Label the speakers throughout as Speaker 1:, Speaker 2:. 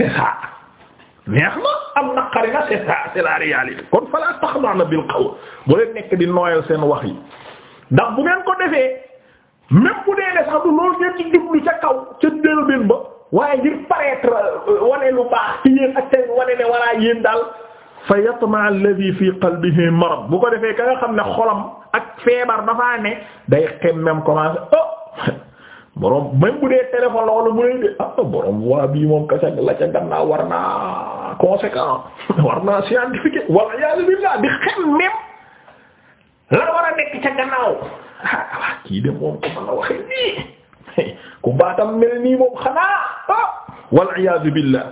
Speaker 1: c'est ça neex na am naqari na c'est ça c'est bil qawl bu leen nekk di nooyal seen wax yi ndax bu ngeen ko defee même bu dee ne sax du loolu ngeen ci jublu ca kaw ca délbin ba waaye ngir paraître euh, lu baax ci yéen ak seen wane fa yatma alladhi ko defee ka xam ne xolam ak feebar dafaa day xem même commencé oh borom même bu dee téléphone la wala mu lay dee ah, borom waa bii moom ka ca la ca gannaaw war naa conséquent war naa scientifique wala yàlla billah di xel la war a nekk ca ah, kii de moom ko mën a waxee nii ku baatam mel ni moom xanaa ah wala iyaazu billah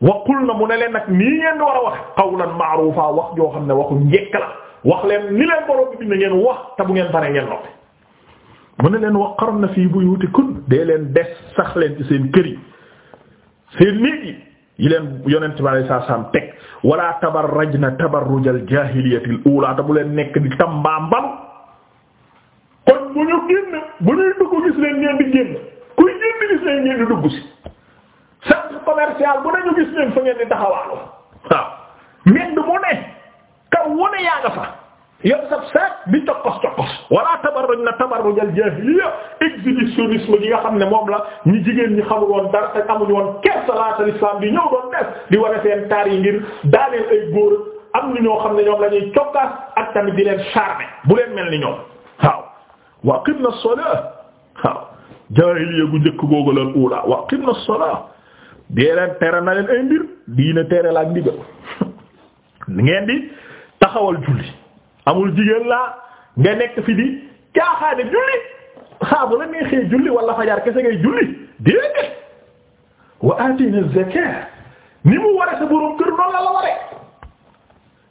Speaker 1: waqul na mu ne leen nag nii ngeen wara war a wax qawlan ma'rufa wax joo xam ne waxu njekk wax leen ni leen borom bi bind ngeen wax te bu ngeen ngeen noppi. mu ne leen waqarna fii buyutikun dee leen des sax leen ci seen kër seen néeg yi yi leen yonent bi alayhi salaam teg wala tabarrajna tabarrujal jaahiliyatil uulaa te bu leen nekk di tambaambam kon bu ñu génn bu ñuy dugg gis leen ngeen di génn kuy génn gis leen ngeen di dugg si centre commercial bu nañu gis leen fa ngeen di taxawaalu waaw medd mu ne kaw wane yaa nga fa yor sab seet di cokkos cokkos wala tabarrujna tabarruj al jahiliya exhibitionnisme gi nga xam ne moom la ñu jigéen ñi xamul woon dara te amuñu woon kersa laata l'islam di ñëw doon def di wane seen taar yi ngir daaneel ay góor am ni ñoo xam ne ñoom lañuy ñuy cokkaas ak tamit di leen charmer bu leen mel ni ñoom waaw wa aqimna as-salat waaw jahiliya gu njëkk googu la ula wa aqimna as-salat dee leen tere na leen ay mbir diine tere la ak ndigal ngeen amul jigéen laa nga nekk fi di caaxaane julli saa bu la neexee julli wala fajar kese ngay julli déedéet wa atina zakat ni mu war sa borom kër noonu la la ware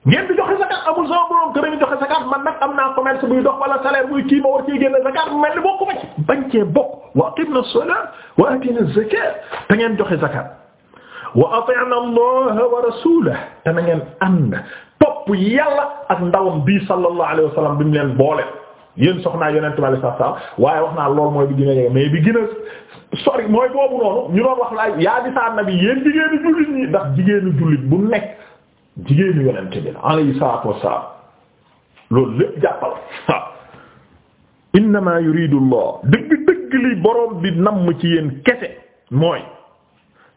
Speaker 1: ngeen di joxe zakat amul sama borom kër mi joxe zakat man nag am naa commerce buy dox wala salaire buy kii ma war cee génne zakat mel ni bokku ma ci bañ cee bokk wa aqimna salat wa atina zakat te ngeen joxe zakat wa ati'na Allah wa rasulahu te na ngeen topp yàlla ak ndawam bii sallallahu alayhi wa sallam bi mu leen boole yéen soxnaa yonent bi alayhi salaam waaye wax naa loolu mooy bi gën a yegg mais bi gën a sori mooy boobu noonu ñu doon wax laaj yaa nisaa nabi yéen jigéenu jullit ñi ndax jigéenu jullit bu nekk jigéenu yonent bi alayhi salaatu wassalaam loolu lépp jàppal waaw. innamaa yuridu Allah dëgg dëgg li borom bi namm ci yéen kese mooy.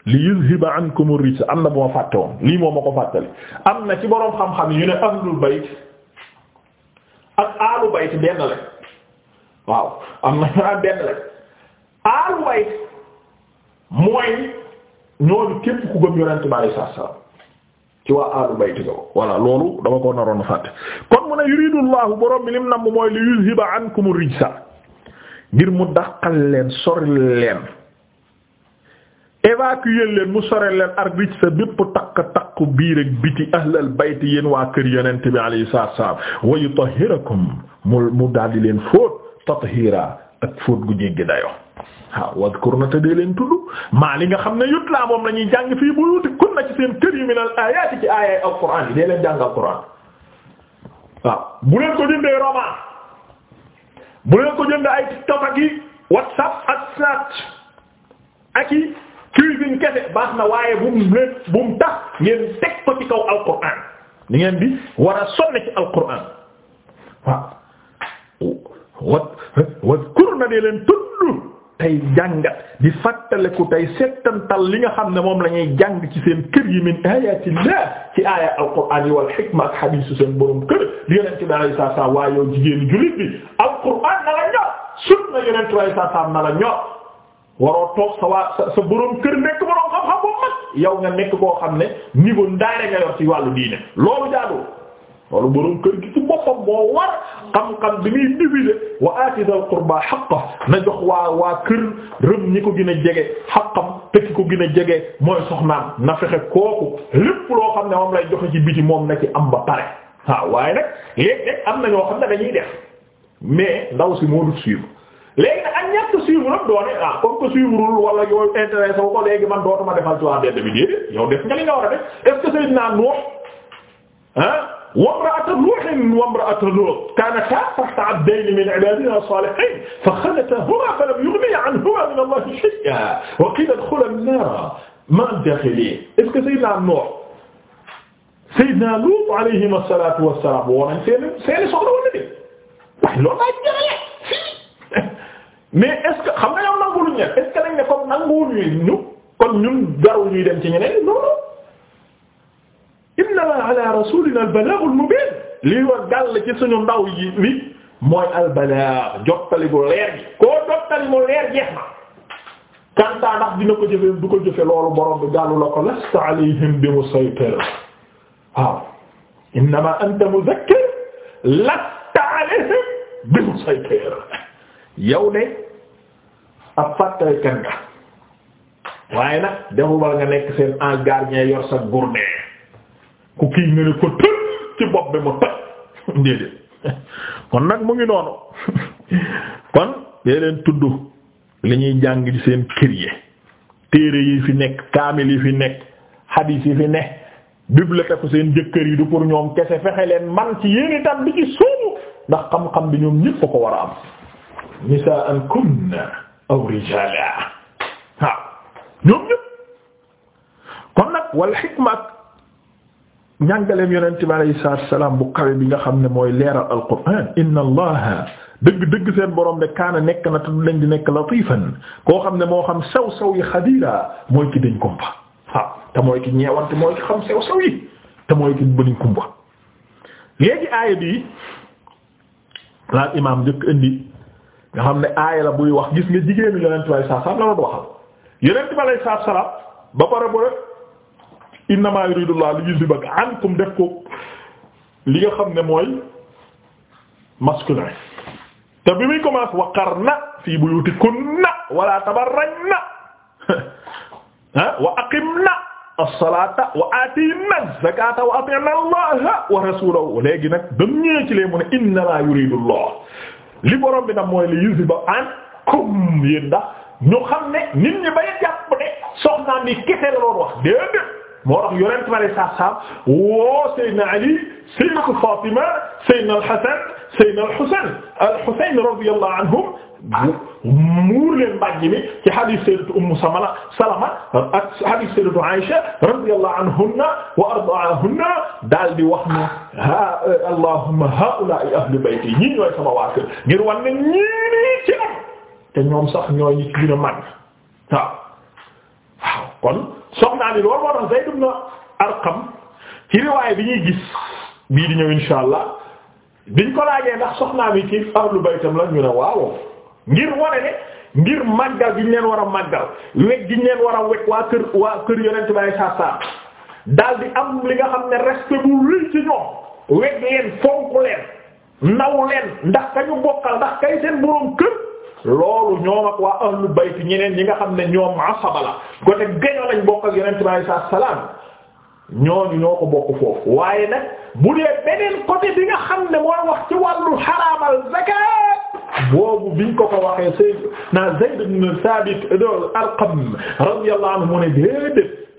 Speaker 1: li yuzhiba ankum ar-rijsa am na bu ma fàtte lii moom ma ko fàttali am na ci boroom xam-xam yu ne ahlul bayt ak aalu bayt benn la waaw am na benn la aalu bayt mooy ñooñu képp ku gëm yonent bi sallallahu alayhi wasallam ci waa aalu bayt ga voilà loolu dama ko naroon fàtte kon mu ne yuridu Allahu boroom bi lim nam mooy li yuzhiba ankum ar-rijsa ngir mu dàqal leen sori leen évacuer leen mu sore leen arbit sa bépp takk takk biir ak biti ahlal bayt yéen waa kër yonent bi alayhi salaatu wa salaam wa yutahhirakum mu mu daldi leen fóot tathira ak fóot gu jéggi dayo waaw wadkurna te dee leen tudd maa li nga xam ne yut laa moom la ñuy jàng fii buyuti kunna ci seen kër min al ayaati ci aaya alquran yi dee leen jàng alquran bu leen ko jëndee roman bu leen ko jëndee ay tiktok ak yi whatsapp ak snapchat ak cuisine kese baax na waaye bu mu leen bu mu tax ngeen teg ko ci kaw alquran ni ngeen di war a sonn ci alquran waaw wa wa kur na dee leen tudd tey jàngat di fàttaleku tey settantal li nga xam ne moom la ñuy jàng ci seen kër yi min ayatillah ci aaya alquran yi wal xikma ak xadiisu seen borom kër li yonent bi alayhi salaatu wa salaam waa yow jigéenu jullit bi alquran na la ñor sunna yonent bi waroo toog sa waa sa borom kër nekk borom xam-xam boobu mag yow nga nekk koo xam ne niveau ndaare nga yor ci wàllu diine loolu jaadu loolu borom kër gi ci boppam moo war xam-xam bi muy diviser wa aati dal qurba xaqa na jox waa kër rëm ñi ko gën a jege xam te ki ko gën a jege mooy soxnaam na fexe kooku lépp loo xam ne moom lay joxe ci biti moom na ci am ba pare waaw waaye nag léeg am na ñoo xam ne dañuy def mais ndaw si moo dul suivre. léegi nag ak ñàkk suivre am doone ah comme que suivreul wala yow intéressé wu ko léegi man dootuma defal ci waa mbedd bi déedéet yow def nga li nga war a def est-ce que sayyidina Nuh ah wa imra'atu Nuh wa imra'atu Lut kanata tahta 'abdayn min 'ibadina salihin fa khalatahuma falam yughniya 'anhuma min Allahi shay'an wa qila idkhula an-nar ma'a ad-dakhilin est-ce que sayyidina Nuh sayyidina Lut alayhi as-salatu was-salam woon nañ seen seen soxla wala déet waaye loolu laa jëlee fii mais est-ce que xam nga yow nangu luñ est-ce que lañ ne comme nanguwuñu ñu kon ñun garu ñuy dem ci ñeneen non non inna ala rasulina al-balaghul mubin lii war gàll ci suñu ndaw yi li mooy al-balagh jottali bu leer gi koo jottali mu leer jeex na kanta ndax dina ko jëfe du ko jëfe loolu borom bi gàllu la ko lasta alayhim bi musaytir waaw innama anta mudhakkir lasta alayhim bi musaytir yow de ab fàttali kenn nga waaye nag defubal nga nekk seen en gardien yor sa gourne ku kii nga ne ko tëj ci bopp bi mu tëj déedéet kon nag mu ngi noonu kon dee leen tudd li ñuy jàng ci seen kër téere yi fi nekk kaamil yi fi nekk hadis yi fi nekk bibliothèque seen jëkkër yi du pour ñoom kese fexe leen man ci yéen itam bi ci suubu ndax xam-xam bi ñoom ñépp ko war a am nisaa an kunna aw rijaala waaw ñoom ñëpp kon nag wal xikma ak njàngaleem yonent bi alayhi salaam bu kawe bi nga xam ne mooy leeral alquraan inna allaha dëgg-dëgg seen borom de kaana nekk na te du leen di nekk latifan koo xam ne moo xam saw sew yi xadiira mooy ki dañ kumpa te mooy ki ñeewante mooy ki xam saw saw yi te mooy ki bëniñ kumpa léegi aaya bi laal imaam njëkk indi nga xam ne aaya la buy wax gis nga jigéenu yonent bi alay saa salaam la doon waxal yonent bi alay saa salaam ba pare bu rek innamaa yuridullah ankum def ko li nga ne mooy masculin te bi muy commencé waqarna fii buyutikunna wala tabarrajna ah, wa aqimna as-salata wa atina az-zakata wa atina allaha wa rasulahu léegi nag ba li borom bi nag mooy li yusi ba an kum yéen ndax ñu xam ne nit ñi bay jàpp ne wax déedéet moo tax yonent ma le saab-saab Ali Seydina Fatima Seydina al-Hasan Seydina al-Husayn al-Husayn radiyallahu anhum muur leen mbàjj mi ci hadith sayyidatu ummu samala salama ak hadith sayyidatu aisha radiyallahu anhunna wa ardaahunna daal di wax na ha ahli bayti ñi ñooy sama waa kër ngir wan ne ñii ci sax ñooy ñi ci gën a màgg waaw waaw kon soxnaa ni loolu moo tax Zayd ibn Arqam ci riwaay bi ñuy gis bii di ñëw insha allah biñ ko laajee ndax soxnaa mi ci ahlu baytam la ñu ne waaw ngir wane ne ngir màggal gi ñu leen war a màggal wekk gi leen war a wekk waa kër waa kër yonent bi saa saa daal di am li nga xam ne respect bu rëy ci ñoom wekk leen fonk leen naw leen ndax ka ñu bokkal ndax kay seen boroom kër loolu ñoom ak waa ahlu bayt ñeneen ñi nga xam ne ñoom asaba la côté gañoo lañ bokk ak yonent bi saa salaam ñooñu ñoo ko bokk foofu waaye nag bu dee beneen côté bi nga xam ne mooy wax ci wàllu xaraamal zakat boobu biñ ko ko waxee Seydina Zayd ibn Sabit Arqam radiyallahu anhu mu ne déedéet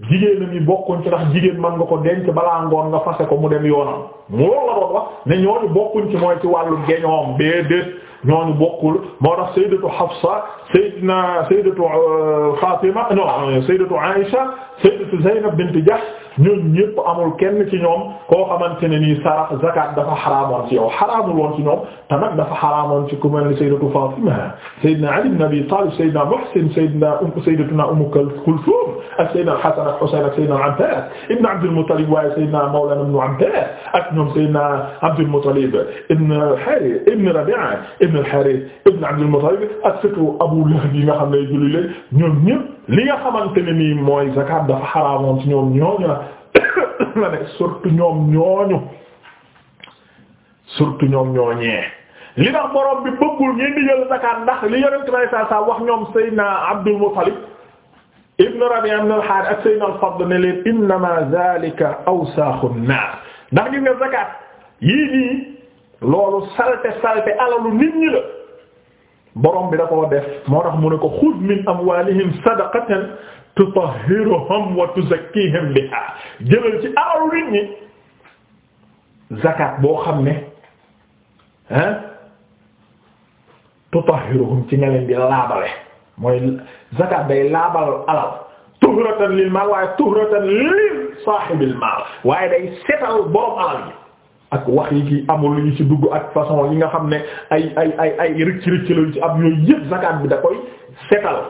Speaker 1: jigéen ñi bokkuñ ci ndax jigéen mën nga ko denc balaa ngoon nga fase ko mu dem yoonam moo la doon wax ne ñooñu bokkuñ ci mooy ci wàllu géñoom déedéet ñooñu bokkul moo tax sayyidatu Hafsa sayyidina sayyidatu euh, Fatima non sayyidatu Aisha sayyidatu Zaynab bint Jahsh ñun ñëpp amul kenn ci ñoom koo xamante ne nii sarax zakat dafa xaraamoon ci yow xaraamul woon ci ñoom te nag dafa xaraamoon ci ku mel ni sayyidatu Fatima sayyidina Ali ibn Abi Talib sayyidina Muhsin sayyidina um sayyidatuna Umm Kulthum ak sayyidina al-Hasan ak Husayn ak sayyidina Abbas ibn Abd al-Muttalib waaye sayyidina Mawlana ibn Abbas ak ñoom sayyidina Abd al-Muttalib ibn al-Harith ibn Rabi'a ibn al-Harith ibn Abd al-Muttalib ak surtout Abu Lahab yi nga xam ne julli leen ñoom ñëpp li nga xamante ne nii mooy zakat dafa xaraamoon ci ñoom ñooñu la ne surtout ñoom ñooñu surtout ñoom ñooñee li tax borom bi bëggul ngeen di jël zakat ndax li yonent bi saa saa wax ñoom Seydina Abdul Muttalib ibn ibn al-Harith ak Seydina al-Fadl ne leen innama zakat yii nii loolu salte salte alalu nit ñi la borom bi da koo def mu ne ko xud min amwalihim sadaqatan tutahhiruhum wa tuzakkihim biha jëlal alalu nit ñi zakat boo xam ne tutahhiruhum ci nga leen di laabale mooy zakat day laabal alal tuhratan lil maal waaye tuhratan lil saahibil maal waaye day setal borom alal yi ak wax yi ki amul yu ci dugg ak façon yi nga xam ne ay ay ay ay rëcc rëcc ci am yooyu yëpp zakat bi da koy setal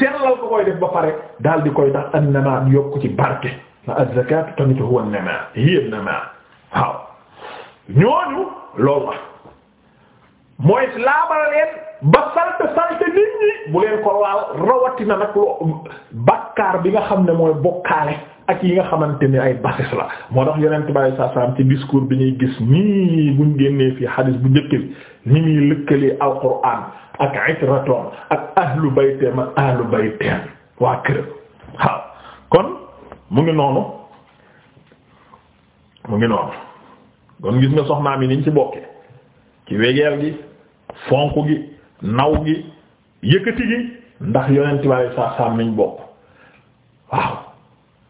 Speaker 1: sellal ko koy def ba pare daal di koy tax an namaa yokk ci barke na az-zakatu tamit huwa an-namaa hiya an-namaa waaw ñooñu loolu la mooy laabal leen ba salte salte nit ñi bu leen ko laal rawatina nag bakkaar bi nga xam ne mooy bokkaale ak yi nga xamante ni ay basis la moo tax yonent bi saa saam ci discours bi ñuy gis nii buñ génnee fii xadis bu njëkk bi ni muy lëkkalee alquran ak itraton ak ahlu baytem ak ahlu baytem waa kër waaw kon mu ngi noonu mu ngi noonu kon gis nga soxnaam yi niñ ci bokkee ci wegeel gi fonk gi naw gi yëkkati gi ndax yonent bi saa saam niñ bokk waaw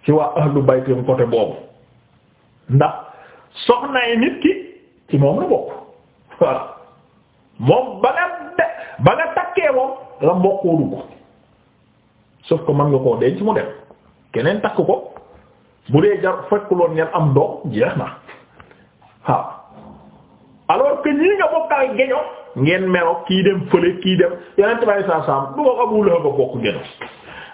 Speaker 1: ci waa ahlu baytim côté boobu ndax soxnaay nit ki ci moom la bokk moom ba nga de ba nga takkee moom la mbokkoo dugg sauf que mën nga koo denc mu dem keneen takk ko bu dee jar fekkuloon ngeen am doom jeex na waaw alors que ñii nga bokkal geño gen meroog kii dem fële kii dem yeneen tubaab yi saa saam du ko Abu Lahab ba bokk ngeen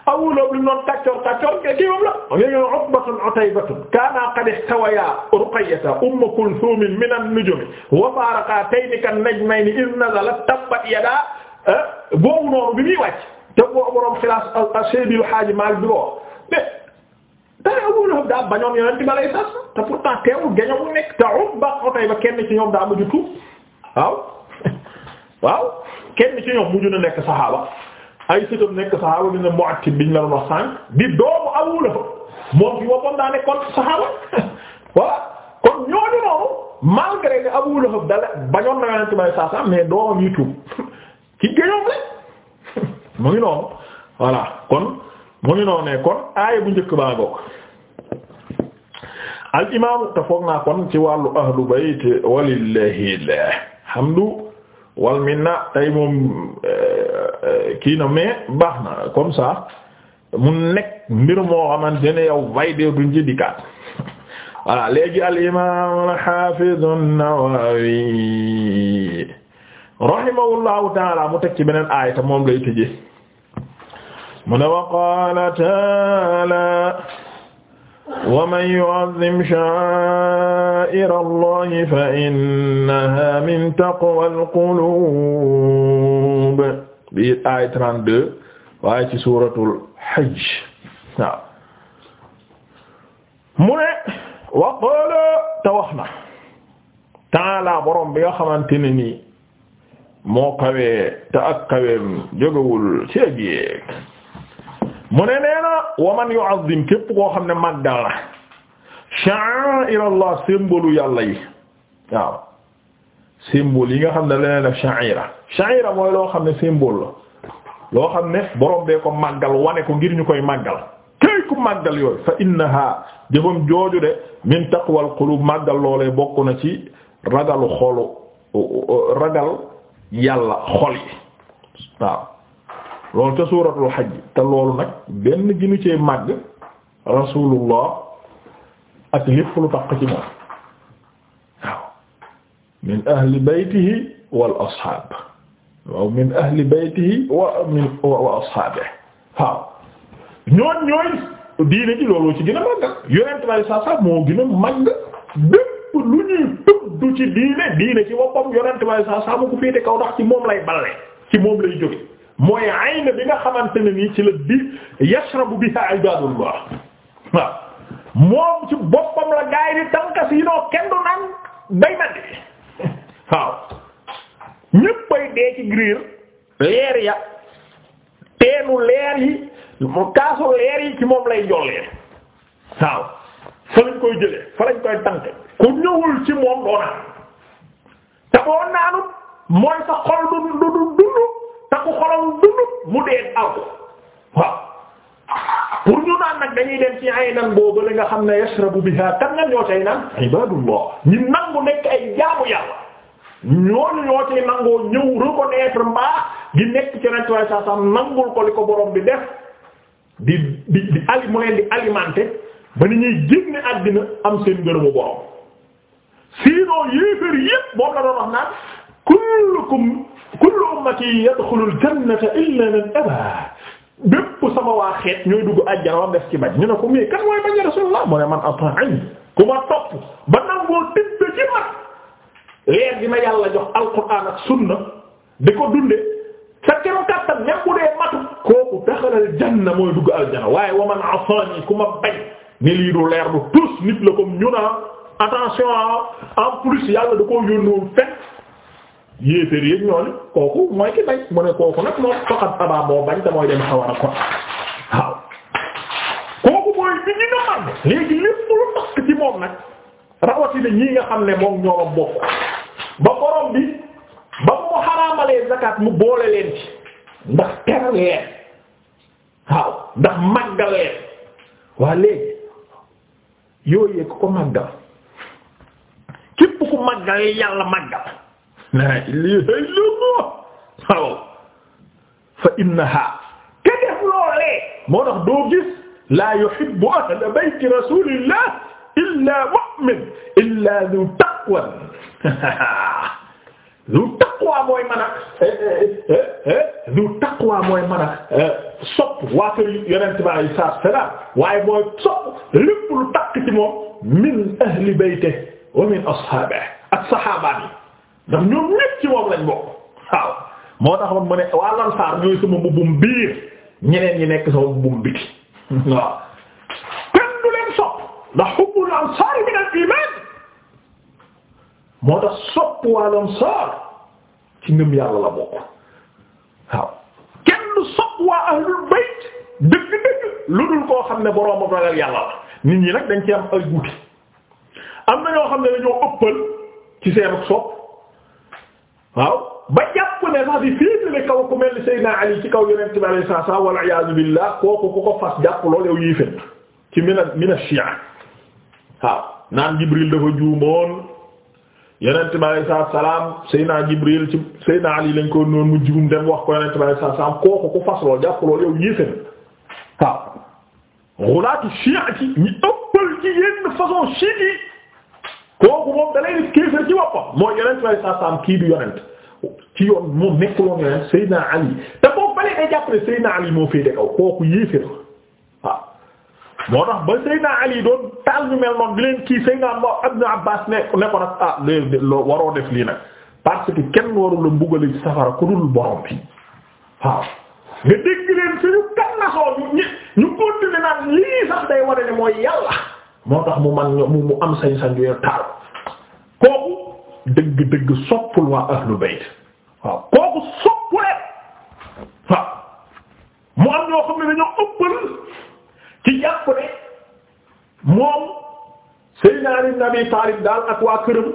Speaker 1: Abu Lahab li mu doon kàccoor kàccoor kii moom la. kaana qad ihtawaya Ruqayyata umma Kulthumin min an-nujum wa faaraqa kan-najmayni idh nazalat tabbat yadaa boobu noonu bi muy wàcc te boo borom xilaas as-Seydi El Hadji Malick bi ko wax Abu Lahab daa bañoon yeneen tubaab yi saa te pourtant nekk te Utba Utayba kenn ci ñoom daa mujj tuub waaw kenn ci ñoom mujj na nekk saxaaba ay sëtam nekk saxaaba bi ne Mu'attib biñ la doon wax di doomu Abu Lahab moom fi boppam daa nekkoon saxaaba voilà kon ñooñu noonu malgré Abu Lahab dala bañoon na Yonent bi saa saa mais doomam yi tuub ci gëjoom mu ngi noonu voilà kon mu ngi noonu kon aaya bu njëkk baa ngoog al imaamu te foog naa kon ci wàllu ahlu bayt walillahi alhamdu wal minna tey moom euh, kii na mais baax na comme ça mu nekk mbir moo xamante ne yow vay dee duñ ci dikkaat léegi al imam al hafiz an-Nawawi rahimahullahu taala mu teg ci beneen aaya moom lay tëjee mu ne wa taala wa man yu'azzim sha'a'ira Allahi fa innaha min taqwal quluub bi aaya 32 waaye ci suuratul Hajj waaw mu ne wa qaala te wax na ta'aala borom bi nga xamante ne nii moo kawe te ak kaweem jógewul ci ak yéeg mu ne nee na wa man yu'azzim képp koo xam ne màggal na sha'a'ir Allah symbole yàlla yi waaw symbole yi nga xam ne leneen def sha'ira sha'ira mooy loo xam ne symbole la loo xam ne borom bee ko màggal wane ko ngir ñu koy màggal kéy ku màggal yooyu fa innaha jëfam jooju de min taqwal qulub màggal loolee bokk na ci ragalu xolu ragal yàlla xol yi loolu ca suuratul xaj te loolu nag benn ginu cee màgg rasulullah ak lépp lu tax ci moom waaw min ahli baytihi wal ashaab waaw min ahli baytihi wa min wa ashaabihi waaw ñooñ ñooñ diine ji loolu ci gën a màgg yonent bi saa saa moo gën a màgg bépp lu ñuy tudd ci diine diine ci boppam yonent bi saa saa mu ko féete kaw ndax ci moom lay balle ci moom lay jóge mooy ayna bi nga xamante ne nii ci la bi yashrabu biha ibadullah waaw moom ci boppam la gaay di tànkas yi noo kenn du naan day na di waaw ñéppay dee ci griir leer ya teenu leer yi kaasu leer yi ci moom lay jollee waaw fa lañ koy jëlee fa lañ koy tànk ku ñëwul ci moom doo naan te boo naanut mooy sa xol du du du dund ku xolam dundu mu dee aw waaw pour ñu naan nag dañuy dem ci ay nan boobu la nga xam ne yashrabu biha tan nga ñoo tey naan ibadullah ñi nangu nekk ay jaamu yàlla ñooñu ñoo ci nangoo ñëw reconnaître mbaax gi nekk ci nañ waaye saa sam nangul ko li ko borom bi def di di di ali mu leen di alimenter ba ni ñuy génne àddina am seen ngërëmu borom sinon yéeféer yépp moom la doon naan kullukum kullu ummati yadxulul jannata illa man abaa bépp sama waa xeet ñooy dugg àjjana wam def ci bañ ñu ne ko mais kan mooy bañ ya rasulullah mu ne man ata'ani ku ma topp ba nangoo tibb ci mat leer gi ma yàlla jox alquran ak sunna di ko dunde sa kero kàttan ñam bu dee matu kooku daxalal janna mooy dugg aljana waaye wa man asani ku ma bañ ni lii du leer du tous nit la comme ñu naa attention en plus yàlla da koo yónnoon fekk yéeféer yépp ñooñu kooku mooy ki bañ mu ne kooku nag moom faqat abaa moo bañ te mooy dem sawara kon waaw kooku mooy bi ñu nga man léegi lépp lu takk ci moom nag rawatina ñi nga xam ne moom ñoom bokk ba borom bi ba mu xaraamalee zakat mu boole leen ci ndax ter leen waaw ndax màggal leen waa léegi yooyee ku ko màggal képp ku màggal yàlla màggal laa ilaaha illallaah waaw fa innahaa ke def loolee moo tax doo gis laa yuhibbu ahla bayti rasuulillaah illaa mu'min illaa duu taqwa duu taqwa mooy mën a eh, eh, eh, duu taqwa mooy mën a sopp waa kër Yonent bi alayhi salaatu wa salaam waaye mooy sopp lépp lu taq ci moom min ahli baytihi wa min ashaabihi ak saxaaba yi ndax ñoom ñépp ci moom lañ bokk waaw moo tax mu ne waa lansaar ñooy sama mbubbum biir ñeneen ñi nekk sama mbubbum biti waaw kenn du leen sopp ndax hubbul ansaar min al iman moo tax sopp waa lansaar ci ngëm yàlla la bokk waaw kenn sopp waa ahlul bayt dëgg-dëgg lu dul koo xam ne boroom ragal yàlla la nit ñi nag dañ ci am ay guuti am na ñoo xam ne dañoo ëppal ci seen sopp waaw ba jàpp ne sax di féetale kaw ku mel ni Seydina Ali ci kaw yonent bi alayhi salaam wal iyaazu billah kooku ku ko fas jàpp loolu Jibril dafa juumoon yonent bi alayhi salaam Jibril ci Ali lañ ko noonu mu juum dem wax ko yonent bi alayhi salaam kooku ku fas loolu jàpp loolu yow yii fët waaw. xulaatu Shia ci ci yenn façon chiite kooku moom da lay def kéefër ci boppam mooy yonent waaye saa kii du yonent ci yoon moom nekkuloon yonent Seydina Ali te boobu balee day jàpp ne Seydina Ali moo féete kaw kooku yéefër waaw moo tax ba Seydina Ali doon taal ñu mel noonu di leen kii Seydina Ibn Abbas ne ne ko nag ah loo waroo def lii nag parce que kenn warul la mbugale safara ku dul borom bi waaw nga dégg leen suñu kannasoo ñu ñu continuer naan lii sax day wone ne mooy yàlla moo tax mu man mu am sañ-sañ yooyu taal kooku dëgg-dëgg soppul waa ahlu bayt waaw kooku soppulee waaw mu am ñoo xam ne dañoo ëppal ci jàpp daal ak waa këram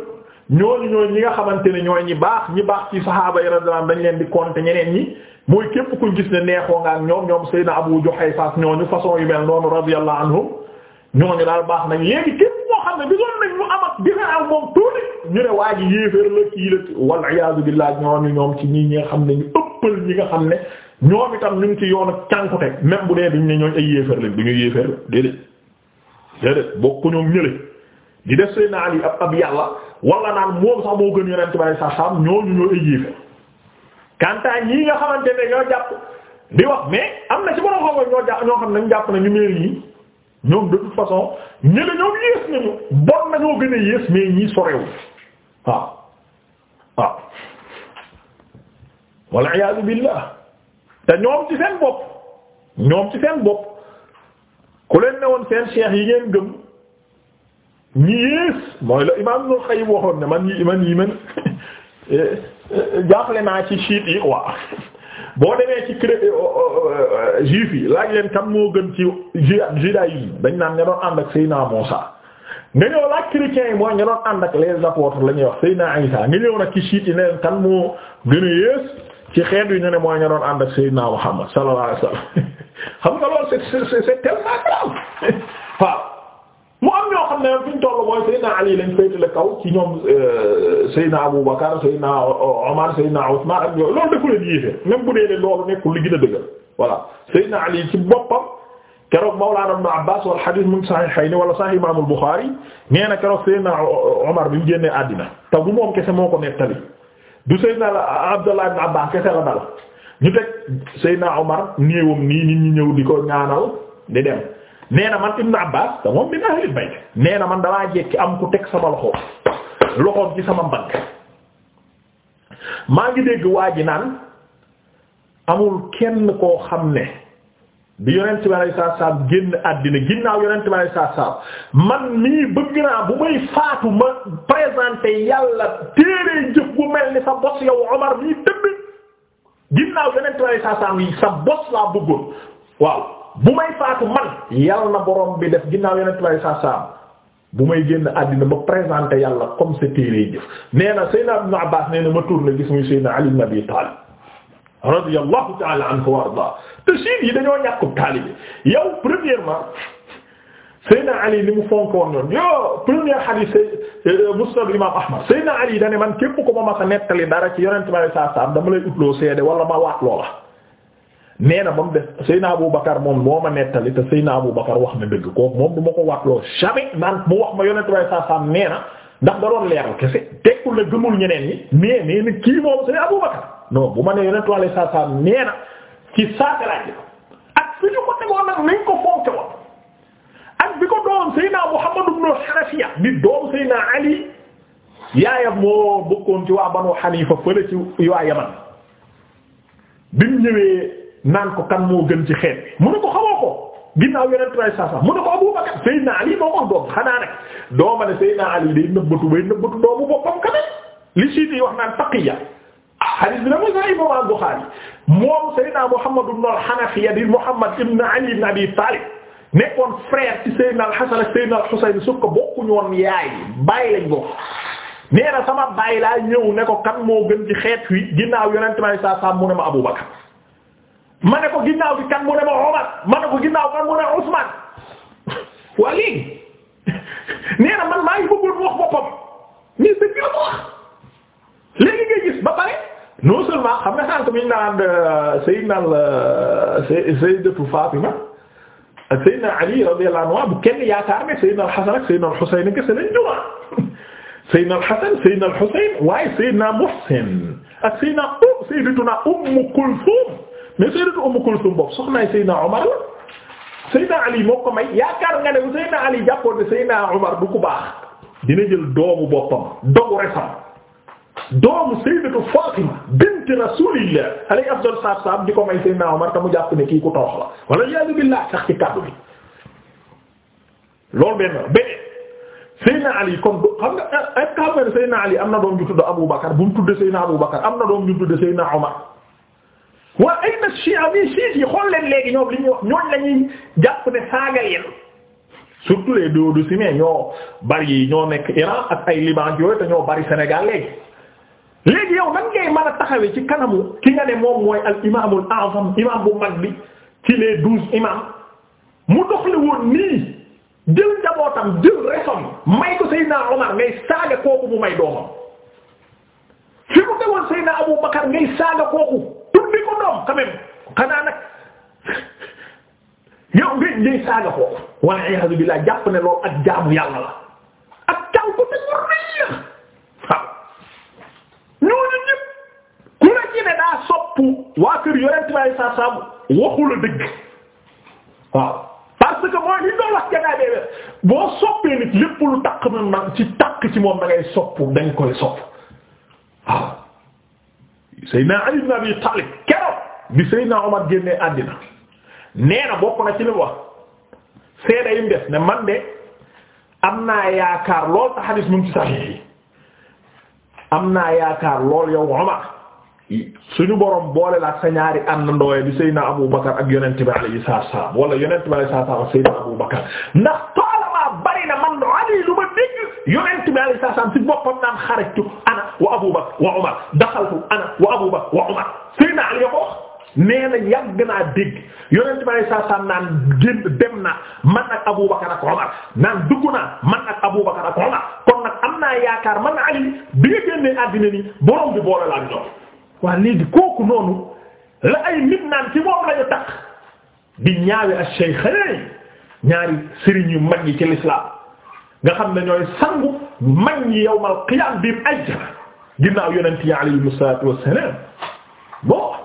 Speaker 1: ñooñu ñooy ñi nga xamante ne ñooy ñi baax ñi baax ci saxaaba yi radiyallahu anhum dañ leen di compter ñeneen ñi mooy képp kuñ gis ne neexoo nga ak ñoom ñoom Seydina Abu Juhayfa ñooñu façon yu mel noonu radiyallahu anhum ñooñu daal baax nañ léegi képp moo xam ne bisoon nañ ñu am ak différence moom tuuti ñu ne waa ji yéeféer la kii la wal iyaazu billaah ñooñu ñoom ci ñi nga xam ne ñu ëppal ñi nga xam ne ñoom itam ñu ngi ci yoonu cànkute même bu dee duñ ne ñooñu ay yéeféer lañ du ñu yéeféer la déedéet déedéet ñoom ñële di def seen ali ab ab yàlla wala naan moom sax moo gën yonent bi sax saam ñooñu ñoo ay yéeféer kantaa ñii nga xamante ne ñoo jàpp di wax mais am na ci borom xam ñoo jàpp ñoo xam ne ñu jàpp na ñu mel nii ñoom de toute façon ñële ñoom yées nañu bon nañoo gën a yées mais ñii sorewu waaw waaw walla iyaazu billaah te ñoom ci seen bopp ñoom ci seen bopp ku leen ne woon seen cheikh yi ngeen gëm ñi yées mooy la imaam Ibnul Qayyim waxoon ne man yi man yi jaaxle naa ci chiit yi waaw boo demee ci cré euh, euh, euh, juif yi laaj leen kan moo gën ci yi dañ naan ña doon ànd ak Seyna Muusa nga ñëw laaj chrétiens yi mooy ña doon ànd ak les apôtres la ñuy wax Seyna Isa nga ñëw nag ci siit yi ne leen kan moo gën a yées ci xeet yu ñu ne mooy ña doon ànd ak Seyna Muhammad sallallahu alayhi wasallam xam nga loolu c'est c'est c'est tellement grave waaw mu am ñoo xam ne fi ñu toll mooy Seydina Ali lañ féetale kaw ci ñoom euh, Seydina Abu Bakar Seydina euh, Omar Seydina Ousmane ak yooyu loolu dafa leen yéefee même bu dee ne loolu nekkul li gën a dëgër voilà Seydina Ali ci boppam keroog Mawlana Ibn Abbas wal hadith mu ngi Sahihayni wala Sahih Imam al nee na keroog Seydina euh, Omar bi mu génnee àddina te bu moom kese moo ko nettali du Seydina Abdullah Ibn Abbas kese la dal ñu teg Seydina Omar néewam nii nit ñi ñëw di ko ñaanal di dem. nee na man Ibn Abbas te moom min ahlil bayt nee na man damaa jekki am ku teg sama loxo loxoom ci sama mbagg maa ngi dégg waa ji naan amul kenn koo xam ne bi yonent bi alayhi salaatu salaam génn àddina ginnaaw yonent bi alayhi salaatu salaam man mii bëgg naa bu may faatu ma présenter yàlla téere jëf bu mel ni sa bos yow Omar mii tëdd ginnaaw yonent bi alayhi salaatu salaam sa bos laa bëggoon waaw bu may faatu man yàlla na borom bi def ginnaaw yeneen tubaab yi saa bu may génn àddina ma présenté yàlla comme sa téere jëf nee na Seydina Ibn Abbas nee na ma tur la gis muy Seydina Ali ibn Abi Talib radiyallahu ta'ala anhu wa arda te siit yi dañoo ñàkkub taalibe yow premièrement Seydina Ali ni mu fonk woon noonu yo premier hadith euh, Musnad Imam Ahmad Ali da man képp ko ma mas a nettali dara ci yeneen tubaab yi saa saa dama lay utloo seede wala ma waat loola. nee na ba mu def Seyna Abu Bakar moom moo ma nettali te Seyna Abu Bakar wax na dëgg kooku moom du ma ko waatloo jamais man mu wax ma yonent waaye saa saam nee ndax da doon leeral kese la ma nee yonent waaye saa ak fi ñu ko tegoon nag nañ ko fonke woon ak bi ko doon Seyna Muhammad ibn Hanafiya bi doon Seyna Ali. yaayam moo bokkoon ci waa Banu Hanifa fële ci waa Yaman bi ñëwee naan ko kan moo gën ci xeet bi mu ne ko xamoo ko ginnaaw yeneen trois cent cent mu ko Abu Bakar Ali moo ko doom xanaa nag dooma ne Seydina Ali day nëbbatu bay nëbbatu doomu boppam ka li siit yi wax naan taqiya ah hadith bi na mo sa imam al-Bukhari moom Seydina Muhammad ibn al-Hanafiya di Muhammad ibn Ali ibn Abi Talib nekkoon frère ci Seydina al-Hasan ak Seydina al-Husayn su ko bokkuñu woon yaay bàyyi lañ bokk nee na sama bàyyi laa ñëw ne ko kan moo gën ci xeet wi ginnaaw yonent bi sallallahu alayhi wasallam ma ne ko ginnaaw gi kan mu ne ma Omar ma ne ko ginnaaw kan mu ne Ousmane waa léegi nee na man maa ngi bëggoon wax boppam mais dëgg la ma wax léegi ngay gis ba pare non seulement xam nga sànq mi ñu naan euh, Seydina euh, Sayyidatu Fatima ak Seydina Ali radiyallahu anhu bu kenn yaakaar ne Seydina al-Hasan ak Seydina al-Husayn kese lañ jura Seydina al-Hasan Seydina al-Husayn waaye Seydina Muhsin ak Seydina Sayyidatuna Umm Kulthum mais sayyidatu Umm Kulthum boobu soxnaay Seydina Omar la Seydina Ali moo ko may yaakaar nga ne bu Seydina Ali jàppoon ne Seydina Omar du ku baax dina jël doomu boppam dogu resam doomu Sayyidatu Fatima bint Rasulillah alayhi afdal saab saab di ko may Seydina Omar te mu jàpp ne kii ku toox la wala iyaazu billaah sax ci kàddu bi loolu benn beneen Seydina Ali kon xam nga ay xam nga ne Seydina Ali am na doom ju tudd Abu Bakar bu mu tudd Seydina Abu Bakar am na doom ju tudd Seydina Omar waa ay na si am yi siit yi xool leen léegi ñoom li ñu wax ñooñ lañuy jàpp ne saaga leen surtout les deux du ciment ñoo bari ñoo nekk Iran ak ay Liban yooyu te ñoo bari Sénégal léegi léegi yow nan ngay mën a taxawee ci kanamu ki nga ne moom mooy al imaamul azam imaam bu mag bi ci les douze imam mu doxle woon nii jël njabootam jël resom may ko Seydina Omar ngay saaga kooku mu may doomam fi mu tegoon Seydina Abu Bakar ngay saaga kooku tuddi ko doom quand même xanaa nag yow ngay ngay saaga foofu walla iyaazu billaah jàpp ne loolu ak jaamu yàlla ak caw ko mu rëy la waaw ñooñu ñëpp ku la ci ne daa soppu waa kër yonent baay saa saabu waxu la dëgg waaw parce que mooy li doon wax jagaay bee boo soppee nit lépp lu takk man man ci takk ci moom da ngay soppu dañ koy sopp waaw Seydina Ali ibn Abi Talib keroog bi Seydina Omar génnee àddina nee na bokk na ci li wax seede yi def ne man de am naa yaakaar lool ta xadis mu ngi ci naa yaakaar lool yow Omar suñu borom boole la ak sa ñaari ànd ndooye bi Seydina Abu Bakar ak yonent bi alayhi salaam wala yonent bi alayhi salaam Seydina Abu Bakar ndax taalama bari na man Ali lu yonent bi alayhi salaam ci boppam naan xarajtu ana wa Abu Bakr wa Umar daxaltu ana wa Abu Bakr wa Umar Seydina Ali ya ko wax nee na yàgg naa dégg yonent bi alayhi salaam naan génn dem na man ak Abu Bakr ak Umar naan dugg naa man ak Abu Bakr ak Umar kon nag am naa yaakaar man Ali bi nga génnee àddina ni borom bi boole laa ñoom waa léegi kooku noonu la ay nit naan ci moom lañu tax di ñaawe as-Shaykhayn ñaari sëriñ yu mag yi ci l'islam nga xam ne ñooy sangu mag ñi yawmal qiyaam bi ajr ginnaaw yonent yi alayhimu salaatu wassalaam bon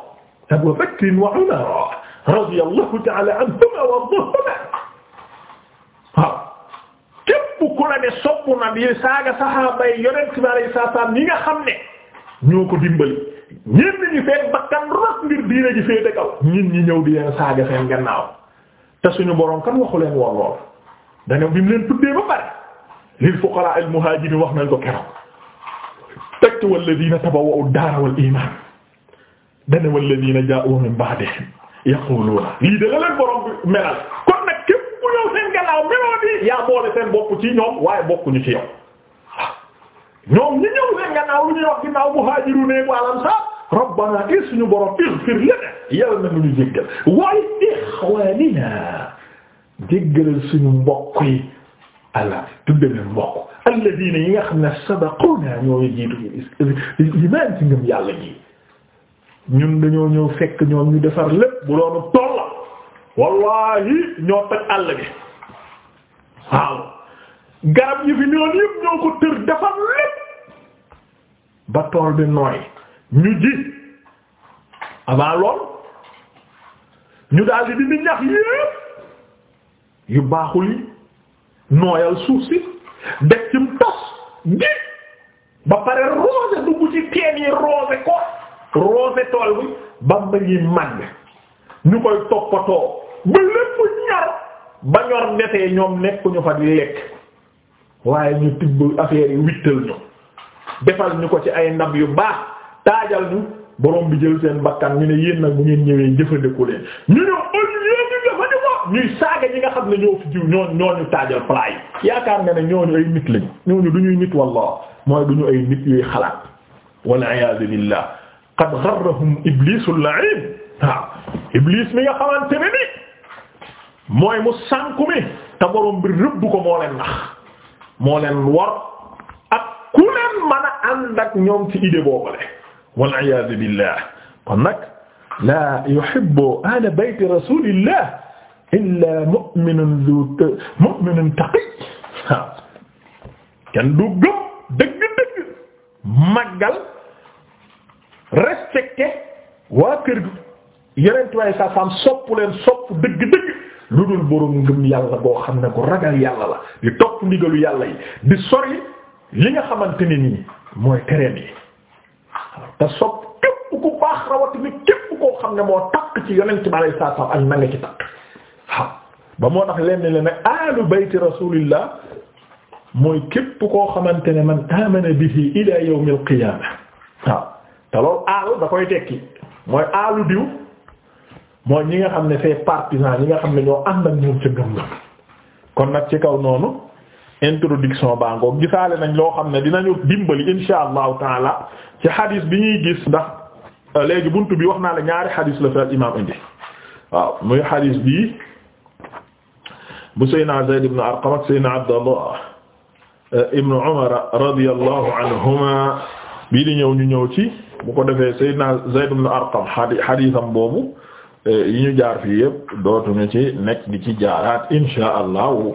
Speaker 1: Abu Bakr wa Umar wa ardaahumaa waaw képp ku la ne sopp na bi saaga saxaaba yi yonent bi alayhi ñi nga xam ne ñoo ko dimbali ñenn ñi fee bakkan rot ngir diina ji fee dëggaw ñin ñi ñëw di leen saaga seen gannaaw te suñu boroom kan waxu leen woon dana bi mu leen tuddee ba pare lil fuqaraa al muhaajiriin wax nañ ko keroog tekki walladiina tabawwa'u daara wal iimaan dana walladiina jaa'u min ba'dihim yaquluuna lii de la leen borom bi melal kon nag képp ku ñëw seen gannaaw meloo bi yaa boole seen bopp ci ñoom waaye bokkuñu ci yow ñoom ñi ñëw seen gannaaw lu ñuy wax ginnaaw muhaajiruun wal ansaar rabbana is suñu borom ighfir lana yàlla na ñu jéggal waaye ixwaanina jéggalal suñu mbokk yi allah tudde leen mbokk alladina yi nga xam ne sabaquna ñoo jiitu limaan ci ngëm yàlla ji ñun dañoo ñëw fekk ñoom ñu defar lépp bu doonu toll wallahi ñoo ba tool bi nooy ñu ji avant lool ñu daldi dindi ñax yépp yu baaxul yi nooyal suuf si def ci mu tos gi ba pare roose dugg ci teen yi roose ko roose tool bi ba ma ngi màgg ñu koy toppatoo ba lépp ñor ba ñor netee ñoom nekkuñu fa di lekk waaye ñu tibb affaire wittal ñu defal ñu ko ci ay ndab yu baax taajal ñu borom bi jël seen bakkan ñu ne yéen nag bu ngeen jëfandiku leen ñu ne au lieu ñuy saaga nga xam ne ñoo ñu taajal plat yi yaakaar nga ne ñooñu ay nit lañu ñooñu du ñuy nit wallah mooy du ñu ay nit yooyu xalaat wal iyaadu billah qad gharrahum iblisul la'in waaw iblis mi nga xamante ne ni mooy mu sànku mi te borom bi rëbb ko moo leen nax moo leen war ak ku leen mën a ànd ñoom ci idée boobale wal iyaadu billah kon nag laa yuhibbu ahla bayti rasulillah illa mu'minun du mu'minun taqi waaw kenn du gëm dëgg-dëgg màggal respecté waa kër gi leen sopp dëgg-dëgg lu dul borom boo xam ne ku ragal yàlla la di topp ndigalu yàlla yi di sori li nga xamante ne mooy tereem te sopp képp ku baax rawatina képp koo xam ne moo takk ci yonent bi ak na nga ci takk waaw ba moo tax leen leen nag alu bayti mooy képp koo xamante ne man amana bihi ila yawmil qiyaama waaw te loolu aalu da koy tekki mooy aalu diw mooy ñi nga xam ne c'est partisan ñi nga xam ne ñoo ànd ak ñoom ca gëm kon nag ci kaw noonu. introduction baa ngoog gisaale nañ loo xam ne dinañu dimbali insha allahu taala ci hadis bi ñuy gis ndax euh, léegi buntu bi wax naa la ñaari hadis la fi al imaam indi waaw muy hadis bi bu naa Zayd ibn Arqam ak Seydina Abdallah euh, ibn Umar radiyallahu anhuma bii di ñëw ñu ñëw ci bu ko defee Seydina Zayd ibn Arqam hadi hadisam boobu euh, yi ñu jaar fii yëpp dootuñu ci nekk di ci jaaraat insha allahu